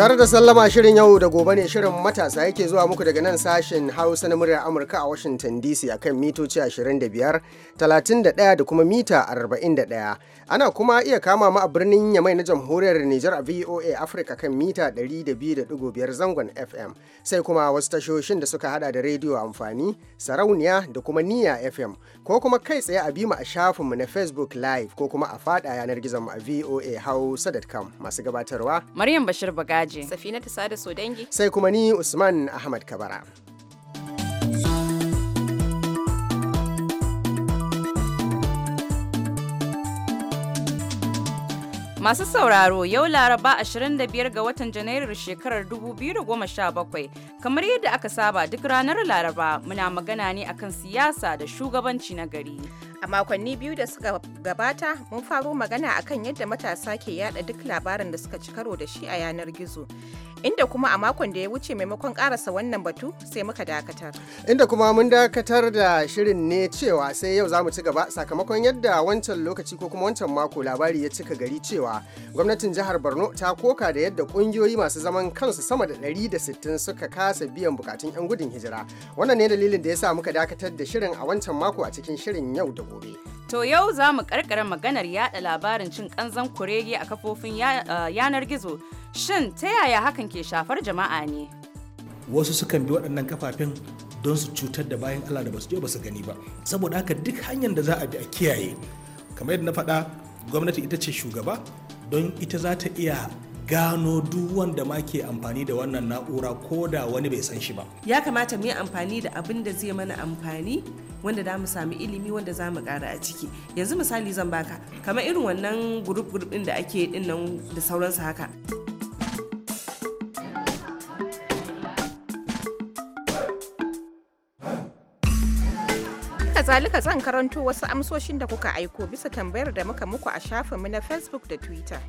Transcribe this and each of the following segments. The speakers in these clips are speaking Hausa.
Tare da sallama shirin yau da gobe ne shirin matasa yake zuwa muku daga nan sashen Hausa na muryar Amurka a Washington DC akan mitoci 25, 31 da kuma mita 41. Ana kuma iya kama ma a birnin Yamai na Jamhuriyar niger a VOA Africa kan mita 102.5 zangon FM. Sai kuma wasu tashoshin da suka hada da rediyo amfani, sarauniya da kuma niya FM. Ko kuma kai tsaye a bi mu a shafinmu na Facebook Live ko kuma a fada yanar gizon a a hausa.com masu gabatarwa. Maryam Bashir Bagaji Alhaji. Safina Sada dangi. Sai kuma ni Usman Ahmad Kabara. Masu sauraro yau Laraba 25 ga watan Janairu shekarar 2017 kamar yadda aka saba duk ranar Laraba muna magana ne akan siyasa da shugabanci na gari. A makonni biyu da suka gabata mun faro magana akan yadda matasa ke yada duk labarin da suka ci karo da shi a yanar gizo. Inda kuma a makon da ya wuce maimakon karasa wannan batu sai muka dakatar. Inda kuma mun dakatar da shirin ne cewa sai yau za mu ci gaba sakamakon yadda wancan lokaci ko kuma wancan mako labari ya cika gari cewa gwamnatin jihar Borno ta koka da yadda kungiyoyi masu zaman kansu sama da 160 suka kasa biyan bukatun 'yan gudun hijira. Wannan ne dalilin da ya sa muka dakatar da shirin a wancan mako a cikin shirin yau da gobe. To yau za mu karkara maganar yada labarin cin kanzan kurege a kafofin yanar gizo. Shin ta yaya hakan ke shafar jama'a ne? Wasu sukan bi waɗannan kafafen don su cutar da bayan Allah da basu je basu gani ba. Saboda haka duk hanyar da za a bi a kiyaye. Kamar yadda na faɗa gwamnati ita ce shugaba don ita za ta iya gano duk wanda ma ke amfani da wannan na'ura ko da wani bai san shi ba ya kamata mu yi amfani da abin da zai mana amfani wanda za mu sami ilimi wanda za mu kara a ciki yanzu misali zan baka kamar irin wannan gurup gurup da ake din nan da sauransu haka zalika zan karanto wasu amsoshin da kuka aiko bisa tambayar da muka muku a shafinmu na facebook da twitter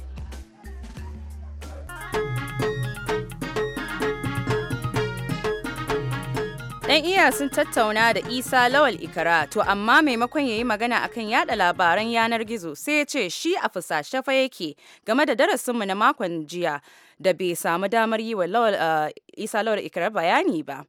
dan iya sun tattauna da Isa Lawal Ikara to amma maimakon ya yi magana akan yada labaran yanar gizo sai ya ce shi a fusashe fa yake game da darasinmu na makon jiya da bai samu damar yi wa eh, Isa Lawal Ikara bayani ba.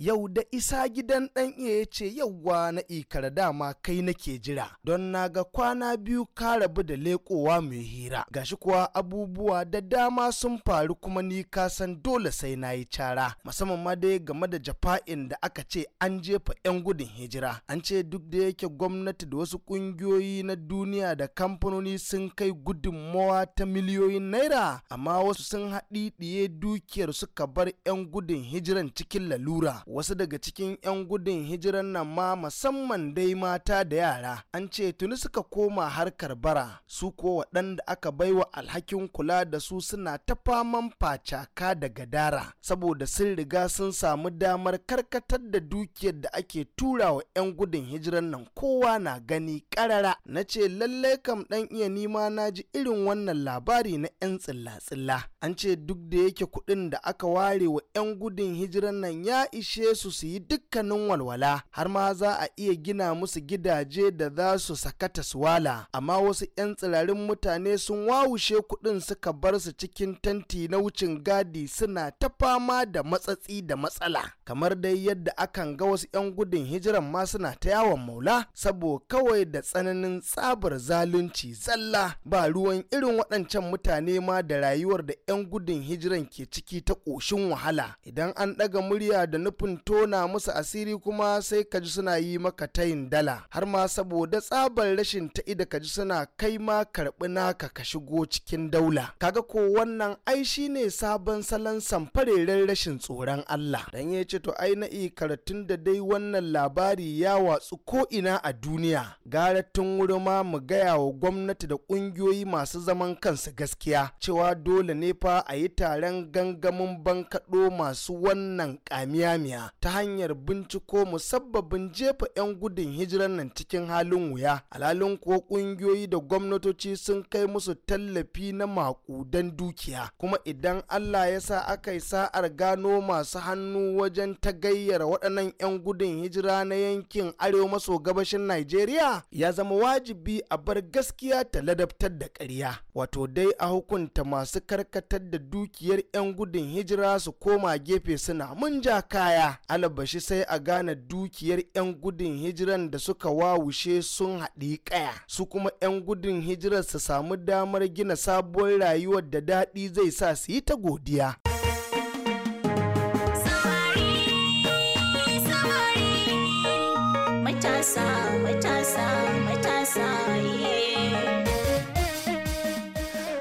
yau da isa gidan ɗan iya ya ce yauwa na ikara dama kai nake jira don na ga kwana biyu ka rabu da leƙowa mai hira gashi kuwa abubuwa da dama sun faru kuma ni ka san dole sai na yi cara musamman ma dai game da jafa'in da aka ce an jefa 'yan gudun hijira an ce duk da yake gwamnati da wasu ƙungiyoyi na duniya da kamfanoni sun kai gudunmawa ta miliyoyin naira amma wasu sun haɗi ɗiye dukiyar suka bar 'yan gudun hijiran cikin lalura wasu daga cikin 'yan gudun hijiran nan ma musamman dai mata da yara an ce tuni suka koma harkar bara su ko waɗanda aka baiwa alhakin kula da su suna ta faman facaka da gadara saboda sun riga sun samu damar karkatar da dukiyar da ake turawa 'yan gudun hijiran nan kowa na gani karara na ce lallai kam ɗan iya nima na ji irin wannan labari na 'yan tsilla-tsilla an ce duk da yake kuɗin da aka ware wa 'yan gudun hijiran nan ya ishe buƙace su su yi dukkanin walwala har ma za a iya gina musu gidaje da za su sakata su wala amma wasu 'yan tsirarin mutane sun wawushe kuɗin suka bar su cikin tanti na wucin gadi suna ta fama da matsatsi da matsala kamar dai yadda akan ga wasu 'yan gudun hijiran ma suna ta yawon maula sabo kawai da tsananin tsabar zalunci zalla ba ruwan irin waɗancan mutane ma da rayuwar da 'yan gudun hijiran ke ciki ta ƙoshin wahala idan an ɗaga murya da nufin nufin tona musu asiri kuma sai ka ji suna yi maka tayin dala har ma saboda tsabar rashin ta ida ka ji suna kai ma karɓi naka ka shigo cikin daula kaga ko wannan ai shine sabon salon samfareren rashin tsoron Allah dan ya ce to ai na'i karatun da dai wannan labari ya watsu ko ina a duniya gara tun wuri ma mu gaya wa gwamnati da ƙungiyoyi masu zaman kansu gaskiya cewa dole ne fa a yi taron gangamin bankaɗo masu wannan ƙamiyamiya baya ta hanyar binciko musabbabin jefa 'yan gudun hijirar nan cikin halin wuya alhalin ko kungiyoyi da gwamnatoci sun kai musu tallafi na makudan dukiya kuma idan Allah ya sa aka yi sa'ar gano masu hannu wajen tagayyar waɗannan 'yan gudun hijira na yankin arewa maso gabashin Najeriya ya zama wajibi a bar gaskiya ta ladabtar da ƙarya wato dai a hukunta masu karkatar da dukiyar 'yan gudun hijira su koma gefe suna mun ja kaya baya alabashi sai a gane dukiyar 'yan gudun hijiran da suka wawushe sun haɗi kaya su kuma 'yan gudun hijirar su samu damar gina sabuwar rayuwar da daɗi zai sa su yi ta godiya. matasa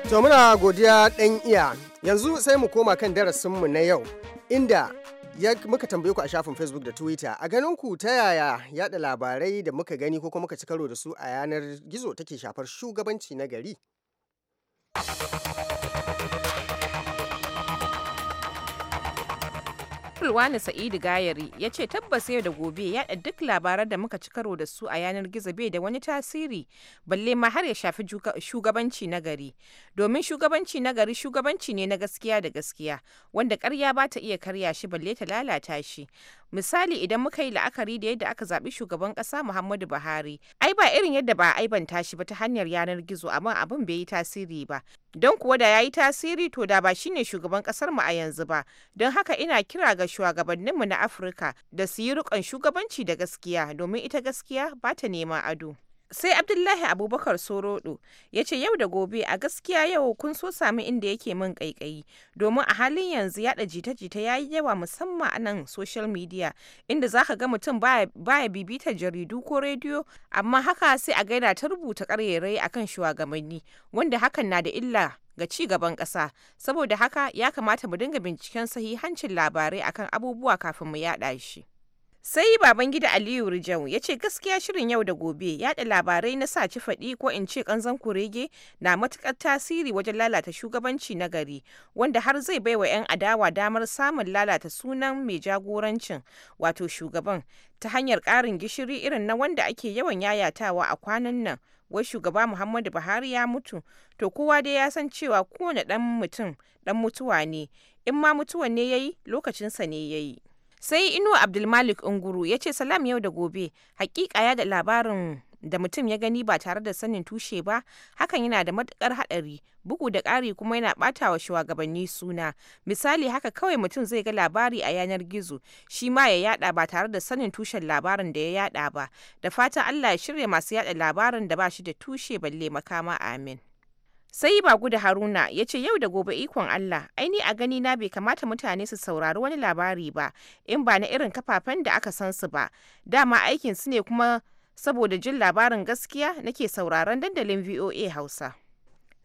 to muna godiya ɗan iya yanzu sai mu koma kan darasinmu na yau inda ya muka tambaye ku a shafin facebook da twitter a ganin ku ta yaya yada labarai da muka gani ko kuma muka ci karo da su a yanar gizo take shafar shugabanci na gari Rilwani Sa'idu Gayari ya ce tabbas yau da gobe yaɗa duk labaran da muka ci karo da su a yanar gizo bai da wani tasiri balle ma har ya shafi shugabanci na gari. Domin shugabanci na gari shugabanci ne na gaskiya da gaskiya wanda karya ba ta iya karya shi balle ta lalata shi. Misali idan muka yi la'akari da yadda aka zaɓi shugaban ƙasa Muhammadu Buhari, ai ba irin yadda ba a aibanta shi ba ta hanyar yanar gizo amma abin bai yi tasiri ba. don kuwa da ya yi tasiri to da ba shine shugaban kasar mu a yanzu ba don haka ina kira ga shugabanninmu na afirka da su yi rukan shugabanci da gaskiya domin ita gaskiya ba ta neman ado sai abdullahi abubakar sorodo ya ce yau da gobe a gaskiya yau kun so sami inda yake min kaikayi domin a halin yanzu yada jita-jita ya yi yawa musamman a nan social media inda za ka ga mutum baya bibita jaridu ko rediyo amma haka sai a gaida ta rubuta karyarai akan shugabanni wanda hakan na da illa ga ci gaban ƙasa saboda haka ya kamata mu dinga binciken sahihancin labarai akan abubuwa kafin mu yada shi Sai Babangida Aliyu Rijau ya ce gaskiya shirin yau da gobe yada labarai na sa ci faɗi ko in ce ƙanzan kurege na matuƙar tasiri wajen lalata shugabanci na gari wanda har zai baiwa 'yan adawa damar samun lalata sunan mai jagorancin wato shugaban ta hanyar ƙarin gishiri irin na wanda ake yawan yayatawa a kwanan nan wai shugaba Muhammadu Buhari ya mutu to kowa dai ya san cewa kowane ɗan mutum ɗan mutuwa ne in ma mutuwan ne ya yi lokacinsa ne ya yi. sai inuwa abdulmalik unguru ya ce salam yau da gobe hakika ya da labarin da mutum ya gani ba tare da sanin tushe ba hakan yana da matukar hadari bugu da ƙari kuma yana bata wa shugabanni suna misali haka kawai mutum zai ga labari a yanar gizo shi ma ya yada ba tare da sanin tushen labarin da ya yada ba da fatan allah ya shirya masu yada labarin da ba shi da tushe balle makama amin sai ba gudu haruna ya ce yau da gobe ikon allah aini a gani na bai kamata mutane su saurari wani labari ba in ba na irin kafafen da aka san su ba dama aikin su ne kuma saboda jin labarin gaskiya nake sauraron dandalin voa hausa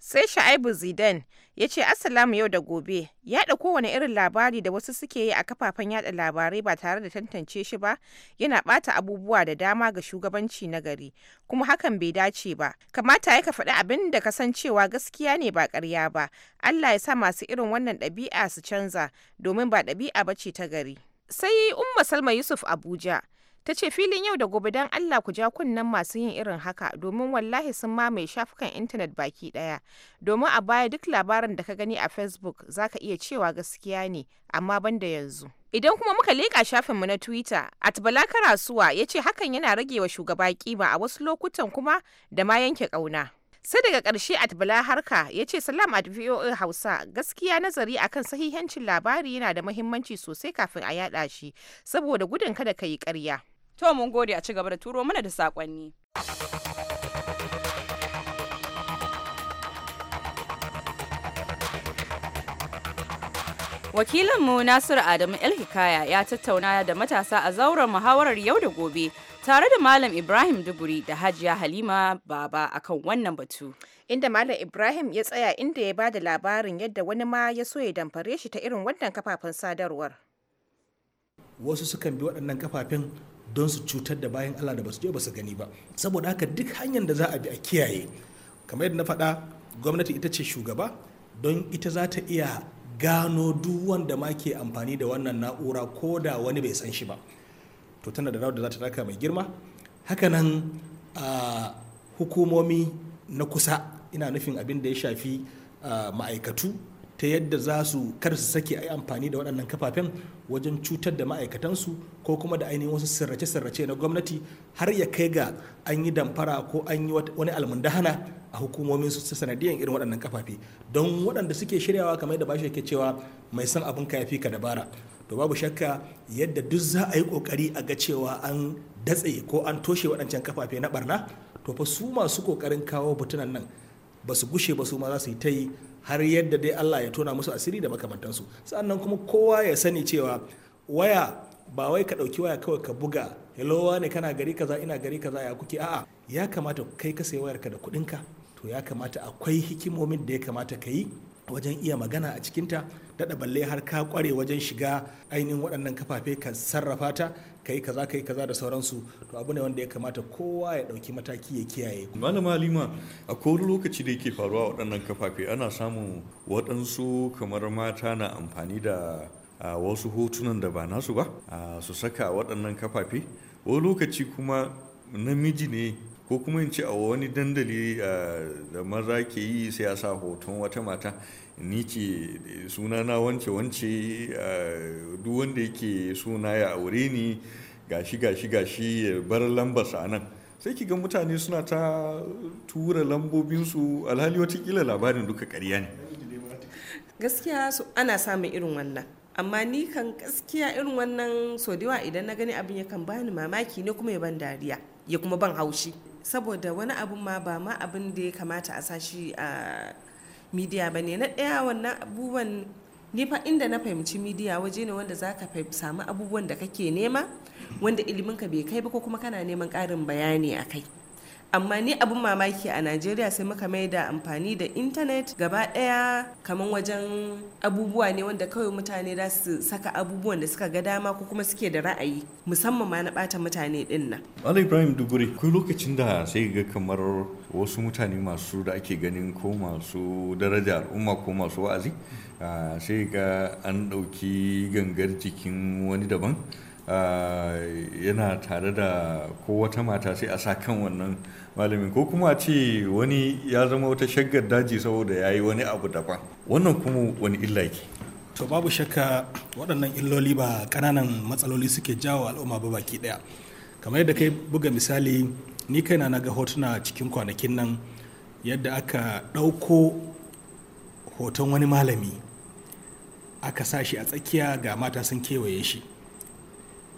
Sai Sha'ibu Zidane ya ce Assalamu yau da gobe yaɗa kowane irin labari da wasu suke yi a kafafen yada labarai ba tare da tantance shi ba yana ɓata abubuwa da dama ga shugabanci na gari kuma hakan bai dace ba kamata ya ka faɗi abin da cewa gaskiya ne ba karya ba Allah ya sa masu irin wannan ɗabi'a su canza domin ba ɗabi'a ba ce ta gari. Sai Umma Salma Yusuf Abuja ta ce filin yau da gobe don allah ku ja kunnen masu yin irin haka domin wallahi sun ma mai shafukan intanet baki daya domin a baya duk labarin da ka gani a facebook za ka iya cewa gaskiya ne amma banda yanzu Idan kuma muka leƙa shafinmu na Twitter, Atbala Karasuwa ya ce hakan yana rage wa shugaba kima a wasu lokutan kuma da ma yanke ƙauna. Sai daga ƙarshe Atbala Harka ya ce salam at VOA Hausa gaskiya nazari akan sahihancin labari yana da muhimmanci sosai kafin a yaɗa shi saboda gudun kada ka yi ƙarya. To mun gode a ci gaba da turo mana da sakonni. Wakilinmu Nasiru Adamu El-Hikaya ya tattauna da matasa a zauren muhawarar yau da gobe tare da Malam Ibrahim Duguri da Hajiya Halima Baba akan wannan batu. Inda Malam Ibrahim ya tsaya inda ya bada labarin yadda wani ma ya so ya damfare shi ta irin wannan kafafen sadarwar. Wasu sukan bi waɗannan kafafen don su cutar da bayan Allah da basu je basu gani ba saboda haka duk hanyar da za a bi a kiyaye kamar yadda na faɗa gwamnati ita ce shugaba don ita za ta iya gano duk wanda ma ke amfani da wannan na'ura ko da wani bai san shi ba to tana da rawar da za ta taka mai girma nan a hukumomi na kusa ina nufin abin da ya shafi ma'aikatu ta yadda za su kar su sake a yi amfani da waɗannan kafafen wajen cutar da ma'aikatansu ko kuma da ainihin wasu sirrace-sirrace na gwamnati har ya kai ga an yi damfara ko an yi wani almundahana a hukumomin su ta sanadiyan irin waɗannan kafafe don waɗanda suke shiryawa kamar da bashi yake cewa mai san abin ka yafi ka dabara to babu shakka yadda duk za a yi kokari a ga cewa an datse ko an toshe waɗancan kafafe na barna to fa su masu kokarin kawo butunan nan ba su gushe ba su ma za su yi ta yi har yadda dai Allah ya tona musu asiri da makamantansu sannan kuma kowa ya sani cewa waya ba wai ka ɗauki waya kawai ka buga hello ne kana gari kaza ina gari kaza ya kuke a'a ya kamata kai ka sayi wayarka da kuɗinka to ya kamata akwai hikimomin da ya kamata ka yi wajen iya magana a cikinta daɗa balle har ka kware wajen shiga ainihin waɗannan kafafe ka sarrafa ta ka yi kaza ka kaza da sauransu to abu ne wanda ya kamata kowa ya ɗauki mataki ya kiyaye. malama lima a kowane lokaci da yake faruwa waɗannan kafafe ana samun waɗansu kamar mata na amfani da wasu hotunan da ba nasu ba su saka waɗannan kafafe wani lokaci kuma namiji ne ko kuma in ce a wani dandali da maza ke yi sai ya sa hoton wata mata ni ce na wance wance duk wanda yake suna ya aure ni gashi gashi gashi ya bar lambarsa nan sai ki ga mutane suna ta tura lambobinsu alhali watakila labarin duka ƙarya ne gaskiya ana samun irin wannan amma ni kan gaskiya irin wannan so idan na gani abin ya kan bani mamaki ne kuma ya ban dariya ya kuma ban haushi saboda wani abun ma ba ma abin da ya kamata a sashi a midiya ba ne na ɗaya wannan abubuwan ni fa inda na fahimci midiya waje ne wanda zaka samu abubuwan da kake nema wanda iliminka bai kai ba ko kuma kana neman ƙarin bayani a kai amma ni abin mamaki a najeriya sai muka mai da amfani da intanet gaba daya kamar wajen abubuwa ne wanda kawai mutane za su saka abubuwan da suka ga dama ko kuma suke da ra'ayi musamman ma na bata mutane din nan ibrahim dubure kai lokacin da sai ga kamar wasu mutane masu da ake ganin ko masu daraja al'umma ko masu wa'azi ah, sai ga an ɗauki gangar jikin wani daban yana tare da ko wata mata sai a sa kan wannan malamin ko kuma a ce wani ya zama wata shaggar daji saboda ya yi wani abu daban wannan kuma wani illa ke to babu shakka waɗannan illoli ba ƙananan matsaloli suke jawo al'umma ba baki ɗaya kamar yadda kai buga misali ni kaina na ga hotuna cikin kwanakin nan yadda aka ɗauko hoton wani malami aka sa shi a tsakiya ga mata sun kewaye shi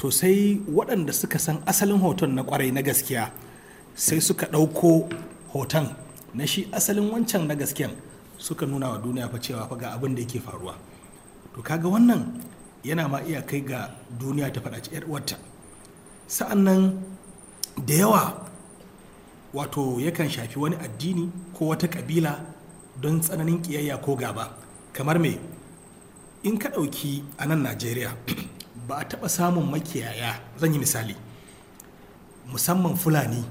to sai waɗanda suka san asalin hoton na kwarai na gaskiya sai suka ɗauko hoton na shi asalin wancan na gaskiyan suka nuna wa duniya fa cewa fa ga abin da yake faruwa to kaga wannan yana ma iya kai ga duniya ta faɗaci 'yar uwarta sa'an nan da yawa wato yakan shafi wani addini ko wata ƙabila don tsananin ƙiyayya ko gaba kamar mai in ka ɗauki a nan najeriya ba a taɓa samun makiyaya zan yi misali musamman fulani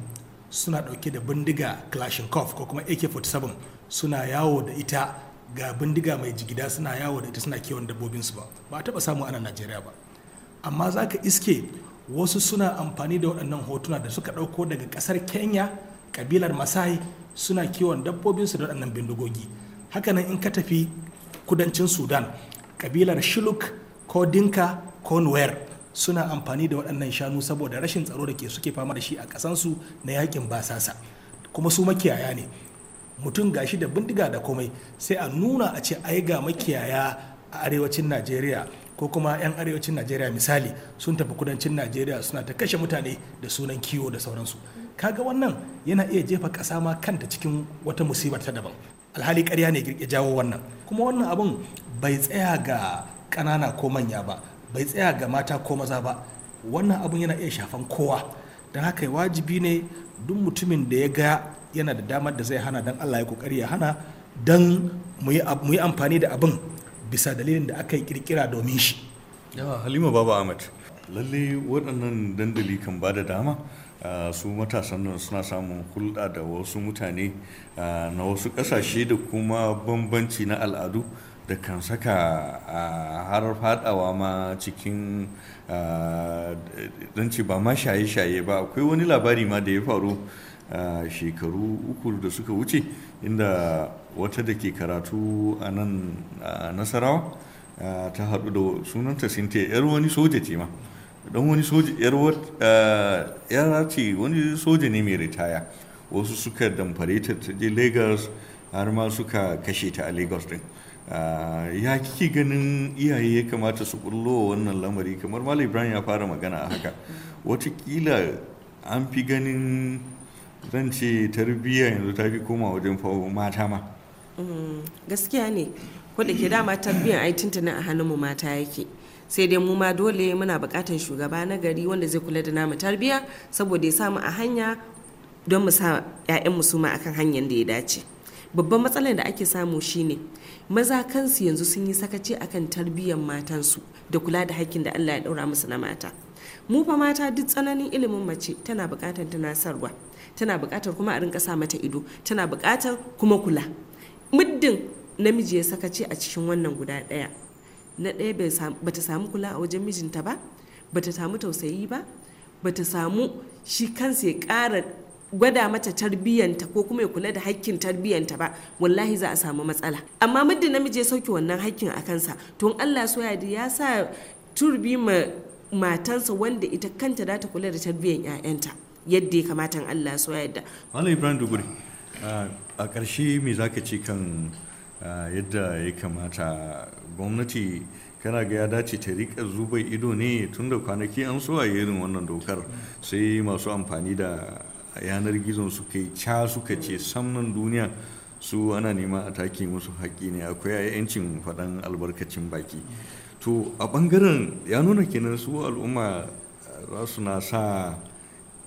suna ɗauke da bindiga kalashnikov ko kuma ak-47 suna yawo da ita ga bindiga mai jigida suna yawo da ita suna kewan dabbobinsu ba ba a taɓa samun ana najeriya ba amma za ka iske wasu suna amfani da waɗannan hotuna da suka ɗauko daga ƙasar kenya ƙabilar masai suna kiwon dabbobinsu da waɗannan bindigogi hakanan in ka tafi kudancin sudan ƙabilar shiluk ko dinka ko wayar suna amfani da waɗannan shanu saboda rashin tsaro da ke suke fama da shi a ƙasansu na yakin basasa kuma su makiyaya ne mutum gashi da bindiga da komai sai a nuna a ce ai ga makiyaya a arewacin najeriya ko kuma 'yan arewacin najeriya misali sun tafi kudancin najeriya suna ta kashe mutane da sunan kiwo da sauransu kaga wannan yana iya jefa ƙasa ma kanta cikin wata musibar ta daban alhali karya ne ya jawo wannan kuma wannan abun bai tsaya ga ƙanana ko manya ba bai tsaya ga mata ko maza ba wannan abun yana iya shafan kowa don haka wajibi ne duk mutumin da ya ga yana da damar da zai hana don allah ya kokari ya hana don mu yi amfani da abin bisa dalilin da aka yi kirkira domin shi yawa halima baba ahmad lalle waɗannan dandali kan ba da dama su matasan nan suna samun hulɗa da wasu mutane na wasu ƙasashe da kuma bambanci na al'adu da kan saka a har fadawa ma cikin don ba ma shaye-shaye ba akwai wani labari ma da ya faru shekaru uku da suka wuce inda wata da ke karatu a nan nasarawa ta haɗu da sunanta sinte yar wani soja ce ma don wani soja yar ce wani soja ne mai ritaya wasu suka damfare ta ta je lagos har ma suka kashe ta a lagos din Ah, ya kike ganin iyaye ya kamata su kullo wannan lamari kamar malam ibrahim ya fara magana a haka watakila an fi ganin zan ce tarbiyya yanzu ta fi koma wajen mata ma mm, gaskiya ne wadda ke dama tarbiyyar ai tuntuna a hannun mu mata yake sai dai mu ma dole muna buƙatar shugaba na gari wanda zai kula da namu tarbiyya saboda ya samu a hanya don mu sa 'ya'yan mu su akan hanyar da ya dace babban matsalar da ake samu shine maza kansu yanzu sun yi sakaci akan tarbiyyar matansu da kula da hakkin da Allah ya daura musu na mata mu fa mata duk tsananin ilimin mace tana bukatar tunasarwa tana bukatar kuma a rinka sa mata ido tana bukatar kuma kula muddin namiji ya sakaci a cikin wannan guda ɗaya na ɗaya bata samu kula a wajen mijinta ba bata samu tausayi ba bata samu shi kansa ya kara. gwada mata tarbiyyanta ko kuma ya kula da hakkin tarbiyyanta ba wallahi za a samu matsala amma muddin namiji ya sauke wannan hakkin a kansa to in Allah so ya sa turbi ma matansa wanda ita kanta za ta kula da tarbiyyan ƴaƴanta yadda ya kamata Allah so yadda Malam Ibrahim Duguri a ƙarshe me zaka ce kan yadda ya kamata gwamnati kana ga ya dace ta rika zuba ido ne tunda kwanaki an so a irin wannan dokar sai masu amfani da a yanar gizon suka yi ca suka ce samnan duniya su ana nema a take musu haƙƙi ne akwai yayancin faɗan albarkacin baki to a ɓangaren ya nuna kenan su al'umma za su na sa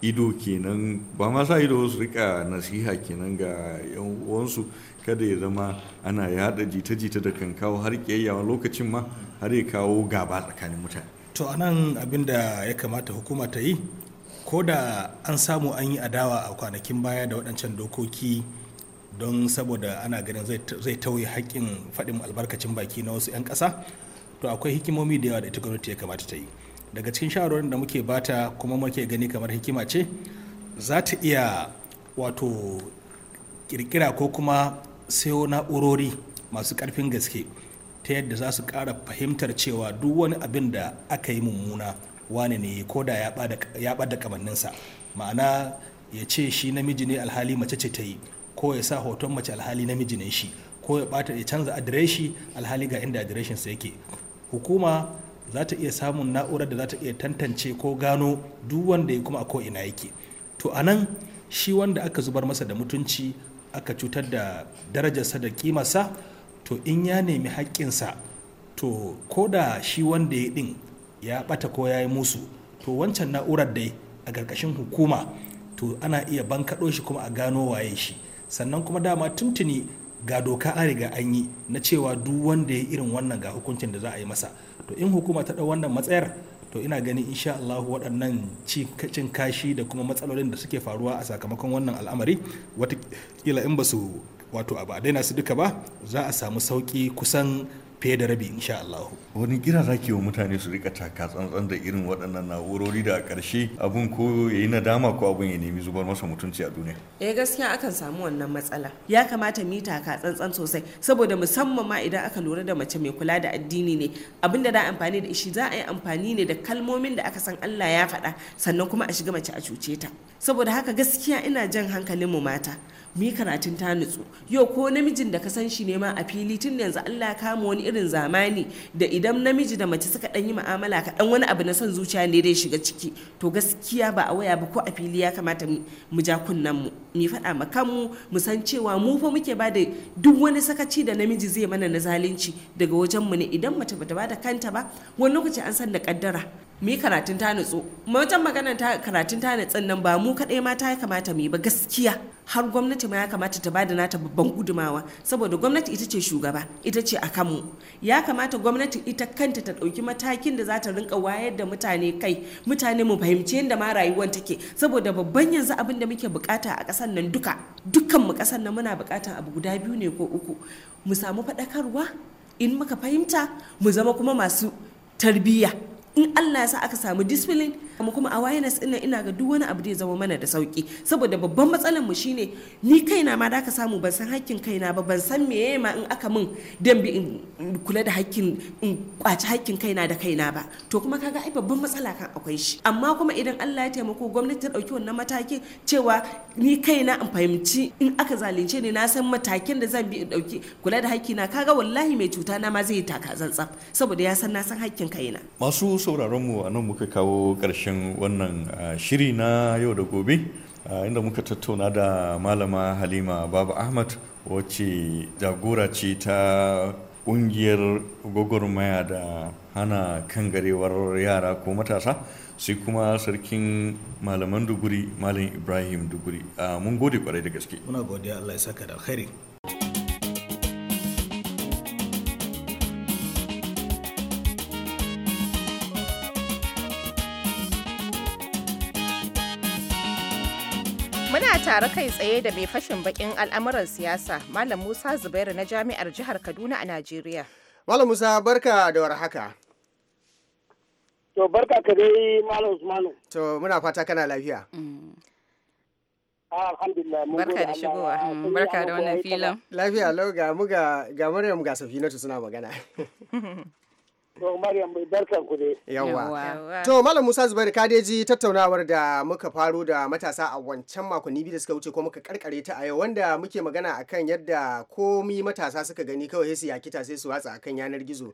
ido kenan ba ma sa ido su rika nasiha kenan ga yan uwansu kada ya zama ana yada jita-jita da kan kawo har kiyayyawa lokacin ma har ya kawo gaba tsakanin mutane to anan abin da ya kamata hukuma ta yi ko da an samu an yi adawa a kwanakin baya da waɗancan dokoki don saboda ana ganin zai tauye haƙƙin faɗin albarkacin baki na wasu 'yan ƙasa to akwai hikimomi da yawa da ita gwamnati ya kamata ta yi daga cikin shawarwarin da muke bata kuma muke gani kamar hikima ce za ta iya wato kirkira ko kuma sayo na'urori masu ƙarfin gaske ta yadda za su ƙara fahimtar cewa duk wani abin da aka yi mummuna wane ne ko da ya bada kamanninsa ma'ana ya ce shi namiji ne alhali mace ce ta yi ko ya sa hoton mace alhali namiji ne shi ko ya bata ya canza adireshi alhali ga inda sa yake hukuma za ta iya samun na'urar da za ta iya tantance ko gano duk wanda ya kuma a ko ina yake to anan shi wanda aka zubar masa da mutunci aka cutar da darajarsa da kimarsa to in ya nemi haƙƙinsa to ko da shi wanda ya din. ya bata ko ya yi musu to wancan na'urar dai a ƙarƙashin hukuma to ana iya bankaɗo shi kuma a gano waye shi sannan kuma dama tuntuni ga doka an riga an yi na cewa duk wanda ya irin wannan ga hukuncin da za a yi masa to in hukuma ta ɗau wannan matsayar to ina gani insha Allah waɗannan cin kashi da kuma matsalolin da suke faruwa a sakamakon wannan al'amari wata kila in ba su wato a ba daina su duka ba za a samu sauƙi kusan fiye da rabi insha Allah. Wani kira za wa mutane su rika taka tsantsan da irin waɗannan na'urori da a ƙarshe abun ko ya yi nadama ko abun ya nemi zubar masa mutunci a duniya. Eh gaskiya akan samu wannan matsala. Ya kamata mu yi taka tsantsan sosai saboda musamman ma idan aka lura da mace mai kula da addini ne abin da za a amfani da shi za a yi amfani ne da kalmomin da aka san Allah ya faɗa sannan kuma a shiga mace a cuce ta. Saboda haka gaskiya ina jan hankalin mu mata. mi karatun ta nutsu yau ko namijin da ka san shi ne ma a fili tun yanzu Allah kama wani irin zamani da idan namiji da mace suka dan yi ma'amala ka dan wani abu na son zuciya ne dai shiga ciki to gaskiya ba a waya ba ko a fili ya kamata mu ja kunnan mu mu faɗa ma kanmu mu san cewa mu fa muke ba da duk wani sakaci da namiji zai mana na zalunci daga wajen mu ne idan mace bata bada kanta ba wani lokaci an san da kaddara mu yi karatun ta nutsu wajen maganar karatun ta nutsun nan ba mu kaɗai ma ta kamata mu yi ba gaskiya har gwamnati ma ya kamata ta bada nata babban gudumawa saboda gwamnati ita ce shugaba ita ce a kanmu ya kamata gwamnati ita kanta ta ɗauki matakin da za ta rinka wayar da mutane kai mutane mu fahimci yadda ma rayuwar take saboda babban yanzu abin da muke bukata a ƙasar nan duka dukkan mu ƙasar nan muna bukatan abu guda biyu ne ko uku mu samu faɗakarwa in muka fahimta mu zama kuma masu tarbiyya in Allah ya sa aka samu discipline kuma kuma awareness ina ina ga duk wani abu da zama mana da sauki saboda babban matsalar mu shine ni kaina ma da ka samu ban san hakkin kaina ba ban san meye ma in aka min dan bi in kula da hakkin in kwaci hakkin kaina da kaina ba to kuma kaga ai babban matsala kan akwai shi amma kuma idan Allah ya taimako gwamnati ta dauki wannan matakin cewa ni kaina in fahimci in aka zalunce ni na san matakin da zan bi in dauki kula da hakkina kaga wallahi mai cuta na ma zai taka zantsaf saboda ya san na san hakkin kaina masu sauraron mu anan muka kawo karshe ƙarshen wannan shiri na yau da gobe inda muka tattauna da malama halima babu ahmad wacce jagora ce ta ƙungiyar gwagwarmaya da hana kan kangarewar yara ko matasa sai kuma sarkin malaman duguri malam ibrahim duguri mun gode kwarai da gaske muna godiya allah ya saka da alkhairi tare kai tsaye da mai fashin bakin al'amuran siyasa Malam Musa Zubairu na Jami'ar Jihar Kaduna a Najeriya. Malam Musa barka da warhaka. To barka ka dai Malam Usmanu. To muna fata kana lafiya. Ah, barka da shigowa. Hmm, barka da wannan filan Lafiya lau ga muga ga Maryam ga Safinatu suna magana. To To Malam Musa Zubairu kadeji tattaunawar da muka faro da matasa a wancan makonni biyu da suka wuce ko muka karkare ta a yau wanda muke magana akan yadda komi matasa suka gani kawai sai su sai su watsa akan yanar gizo.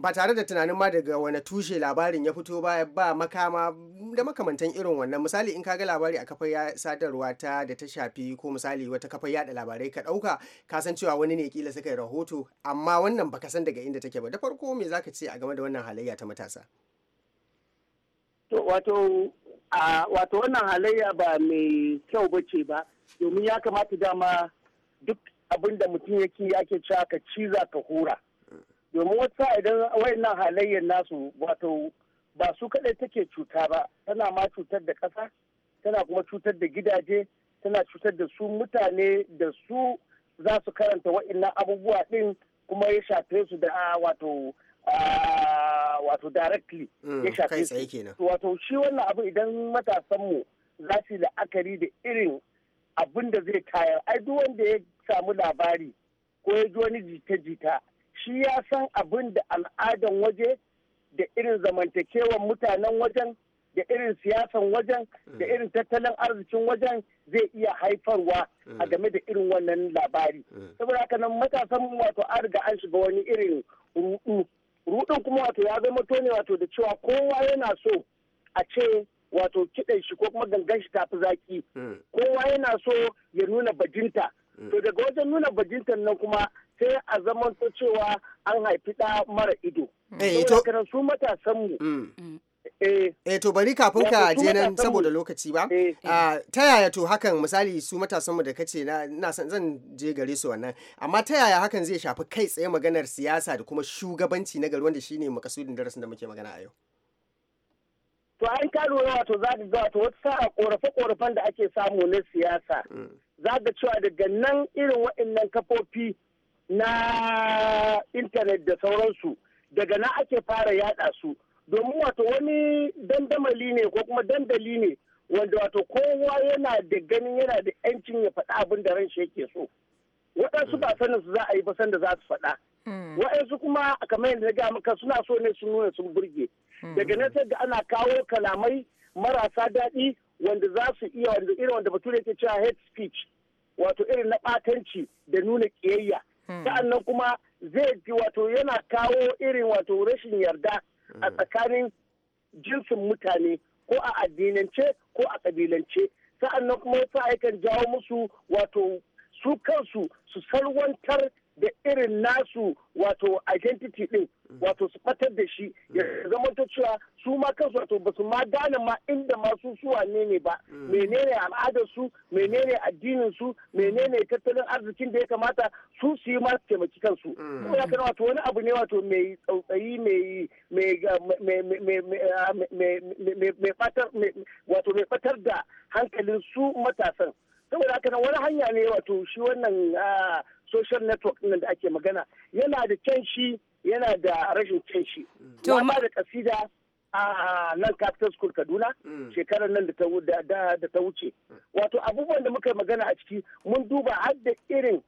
ba tare da tunanin ma daga wani tushe labarin ya fito ba ba makama da makamantan irin wannan misali in ka ga labari a kafar sadarwa ta da ta shafi ko misali wata kafar yada labarai ka dauka ka san cewa wani ne kila suka yi rahoto amma wannan baka san daga inda take ba da farko me zaka ce a game da wannan halayya ta matasa wato wato wannan halayya ba mai kyau ba ce ba domin ya kamata dama duk abinda da mutum yake yake cewa ka ciza ka hura domin wata idan wayannan halayyar nasu wato ba su kaɗai take cuta ba tana ma cutar da ƙasa tana kuma cutar da gidaje tana cutar da su mutane da su za su karanta wayannan abubuwa ɗin kuma ya shafe su da ah, ah, wato directly mm, ya shafe su wato shi wannan abu idan matasanmu za su la'akari da irin abin da zai tayar ai duk wanda ya samu labari ko ya ji wani jita-jita shi ya san abin da al'adan waje da irin zamantakewan mutanen wajen da irin siyasan wajen da eh. irin tattalin arzikin wajen zai iya haifarwa a eh. game da irin wannan labari eh. saboda haka nan matasan wato an riga an shiga wani irin rudu rudun kuma wato ya zama tone wato da cewa kowa yana so a ce wato kiɗan shi ko kuma gangan shi tafi zaki kowa yana so ya nuna bajinta to daga wajen nuna bajintan nan kuma sai a zamanto cewa an haifi ɗa mara ido. Eh, to su matasanmu. Mm. Mm. Eh, eh, to bari kafin ka je nan saboda lokaci ba. Eh. Ta yaya to hakan misali su matasanmu da kace na san zan je gare su wannan. Amma ta yaya hakan zai shafi kai tsaye maganar siyasa da kuma shugabanci na gari wanda shine makasudin darasin da muke magana a yau. To an ka lura wato za ka ga wato wata sa'a korafe-korafen da ake samu na siyasa. Mm. Za ka cewa daga nan irin waɗannan kafofi na intanet da sauransu daga na ake fara yada su domin wato wani dandamali ne ko kuma dandali ne wanda wato kowa yana da ganin yana da yancin ya faɗa abin da ranshi yake so waɗansu ba sanin su za a yi ba sanda za su faɗa hmm. waɗansu kuma kamar yadda na ga maka suna so ne sun nuna sun burge hmm. daga nan sai da ana kawo kalamai marasa daɗi wanda za su iya wanda irin wanda bature ke cewa hate speech wato irin na ɓatanci da nuna ƙiyayya sa'an hmm. sa'annan kuma zai ji wato yana kawo irin wato rashin yarda a hmm. tsakanin jinsin mutane ko a addinance ko a kabilance sa'annan kuma yasa yakan jawo musu wato su kansu su salwantar da irin nasu wato identity din wato su fatar da shi ya zama ta cewa su ma kansu wato ba su ma gane ma inda masu suwa ne ne ba mm. menene al'adar su menene addinin su menene tattalin arzikin da ya kamata su su yi ma taimaki kansu kuma ya kana wato wani abu ne wato mai tsautsayi mai wato mai fatar da hankalin su matasan saboda haka wani hanya ne wato shi wannan ah, social network ɗin da ake magana yana da canshi yana da rashin kyanshi shi. da kasida a nan capital school kaduna mm. shekarar nan da ta wuce wato abubuwan da muka magana a ciki mun duba har da irin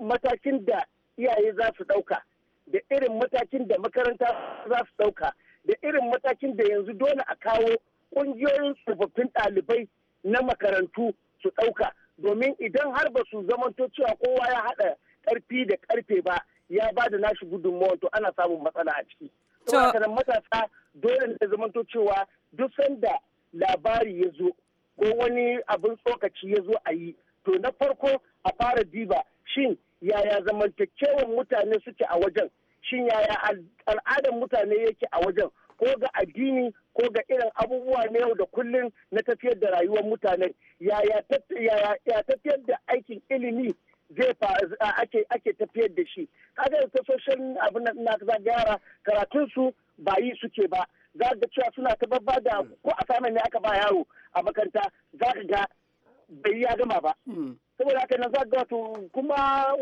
matakin da iyaye za su ɗauka da irin matakin da makaranta za su ɗauka da irin matakin da yanzu dole a kawo ƙungiyoyin tsofaffin ɗalibai na makarantu su ɗauka domin idan har ba su zamanto cewa kowa ya haɗa ƙarfi da karfe ba ya ba da nashi gudunmawa to ana samun matsala a ciki. Saboda matasa dole ne zamanto cewa duk sanda labari ya zo ko wani abin tsokaci ya zo a yi to na farko a fara diba shin yaya zamantakewan mutane suke a wajen shin yaya al'adar mutane yake a wajen ko ga addini ko ga irin abubuwa na yau da kullum na tafiyar da rayuwar mutane ya tafiyar da aikin ilimi zai ake ake tafiyar da shi kaga ta social abin nan na za yara karatun su ba yi suke ba za ga cewa suna ta babba da ko a samun ne aka ba yaro a makaranta za ka ga bai ya gama ba hmm. saboda haka nan za ga wato kuma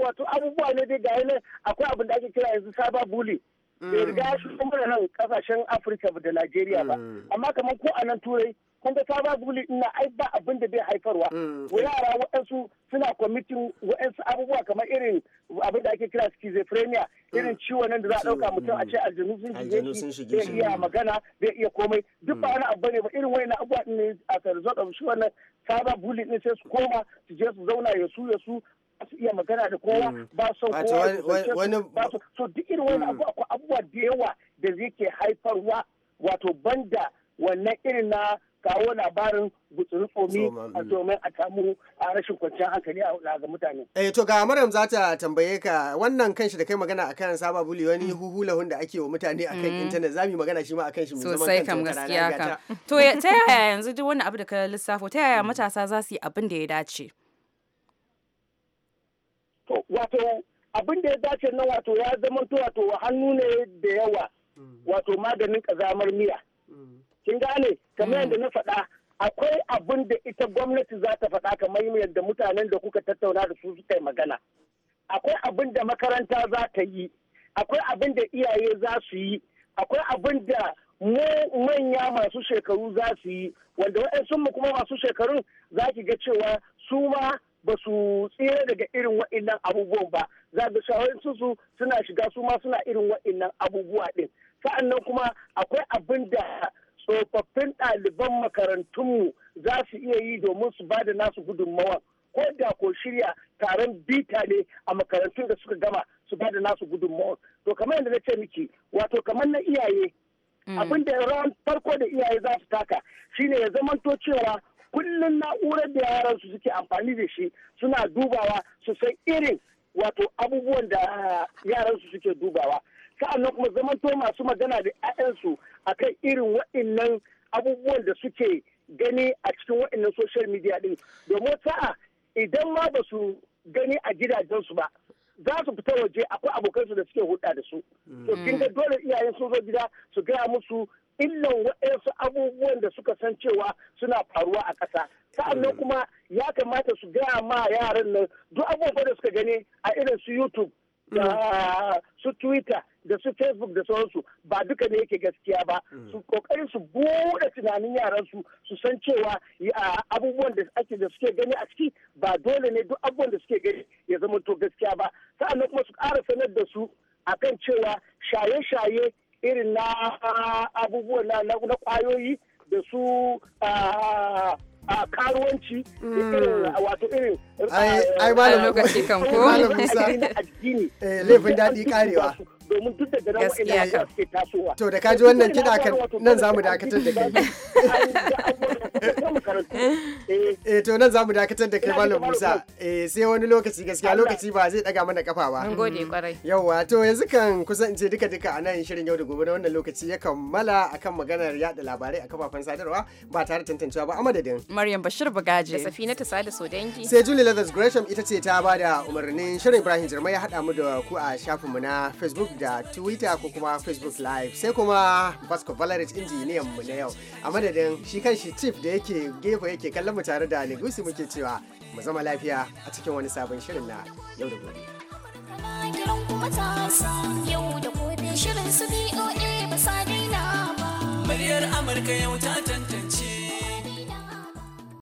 wato abubuwa ne dai ga akwai abin da ake kira yanzu cyber bullying bai mm. riga shi kuma da nan kasashen afirka da najeriya ba mm. amma kamar ko a nan turai kun ga ba buli ina ai ba abin da bai haifarwa mm. wa yara waɗansu suna kwamitin waɗansu abubuwa kamar irin abin da ake kira schizophrenia irin ciwon nan da za a ɗauka mutum a ce aljanu sun shige shi bai iya magana bai iya komai duk ba wani abu ne ba irin wani abubuwa ne a sarizo ɗan shi wannan ba buli ɗin sai su koma su je su zauna ya su ya su su iya magana da kowa mm. ba son kowa ba su so duk irin wani mm. abu akwai abubuwa da yawa da zai ke haifarwa wato banda wannan irin na kawo labarin gutsuri tsomi a mm. domin a samu a rashin kwanciyar hankali a ga mutane. Eh to ga Maryam za ta tambaye ka wannan kanshi da kai magana akan saba buli wani huhulahun da ake wa mutane akan intanet za mu yi magana shi ma akan shi mu zaman sosai kam gaskiya kam. To ta yaya yanzu duk wani abu da ka lissafo ta yaya matasa za su yi abin da ya dace? To, wato abin da ya dace na wato ya zama to wato hannu ne da yawa mm. wato maganin kazamar miya. Mm. Kin gane kamar mm. yadda na faɗa akwai abin da ita gwamnati za ta faɗa kamar yadda mutanen da kuka tattauna da su suka yi magana. Akwai abin da makaranta za ta yi, akwai abin da iyaye za su yi, akwai abin da mu manya masu shekaru za su yi, wanda waɗansu mu kuma masu shekarun za ki ga cewa su ma ba su tsira daga irin wa'innan abubuwan ba za ga shawararsu su suna shiga su ma suna irin wa'innan abubuwa din sa'annan kuma akwai abin da tsofaffin ɗaliban makarantunmu za su iya yi domin su ba da nasu gudunmawa ko da ko shirya taron bita ne a makarantun da suka gama su ba da nasu gudunmawa to kamar yadda na ce miki wato kamar na iyaye mm. abin da ran farko da iyaye za su taka shine ya zamanto cewa kullum na'urar da yaran su suke amfani da shi suna dubawa su san irin wato abubuwan da eh, yaran su suke dubawa sa'annan kuma zamanto masu magana da 'ya'yansu akan irin wa'innan abubuwan da suke gani a cikin wa'innan social media din domin sa'a idan ma ba su gani a gidajen su ba za su fita waje akwai abokansu da suke hulɗa da su to mm. kin ga dole iyayen sun zo gida su gaya musu illan waɗansu abubuwan da suka san cewa suna faruwa a ƙasa sa'annan mm. kuma ya kamata su gaya ma yaran nan duk abubuwan da suka gani a irin su youtube da mm. su twitter da su facebook da sauransu ba duka ne yake gaskiya ba mm. su kokari su buɗe tunanin yaran su su san cewa abubuwan da ake da suke gani a ciki ba dole ne duk abubuwan da suke gani ya zama to gaskiya ba sa'annan kuma su ƙara sanar da su akan cewa shaye-shaye irin na abubuwan na kwayoyi da su a karuwanci hmm. wato irin ai da lokaci kan ko malam musa eh, laifin daɗi karewa domin duk da wa'in da aka suke tasowa. To da kaji wannan kiɗa kan nan zamu eh, dakatar da kai. Eh to nan zamu dakatar da kai Malam Musa. Eh sai wani lokaci gaskiya lokaci ba zai daga mana kafa ba. Mun gode kwarai. Yawwa to yanzu kan kusan ce duka duka a nan shirin yau da gobe na wannan lokaci ya kammala akan maganar yada labarai a kafafen sadarwa ba tare da tantancewa ba a Maryam Bashir Bugaje. Da Safina so dangi. Sai Julie Leathers Gresham ita ce ta bada umarnin shirin Ibrahim Jirma ya haɗa mu da ku a shafinmu na Facebook da da twitter ko kuma facebook live sai kuma vasco valeric injiniyan mu na yau a madadin shi kan shi chief da yake gefe yake kallon mu tare da negusi muke cewa mu zama lafiya a cikin wani sabon shirin na yau da gobe yau muryar amurka yau ta tantance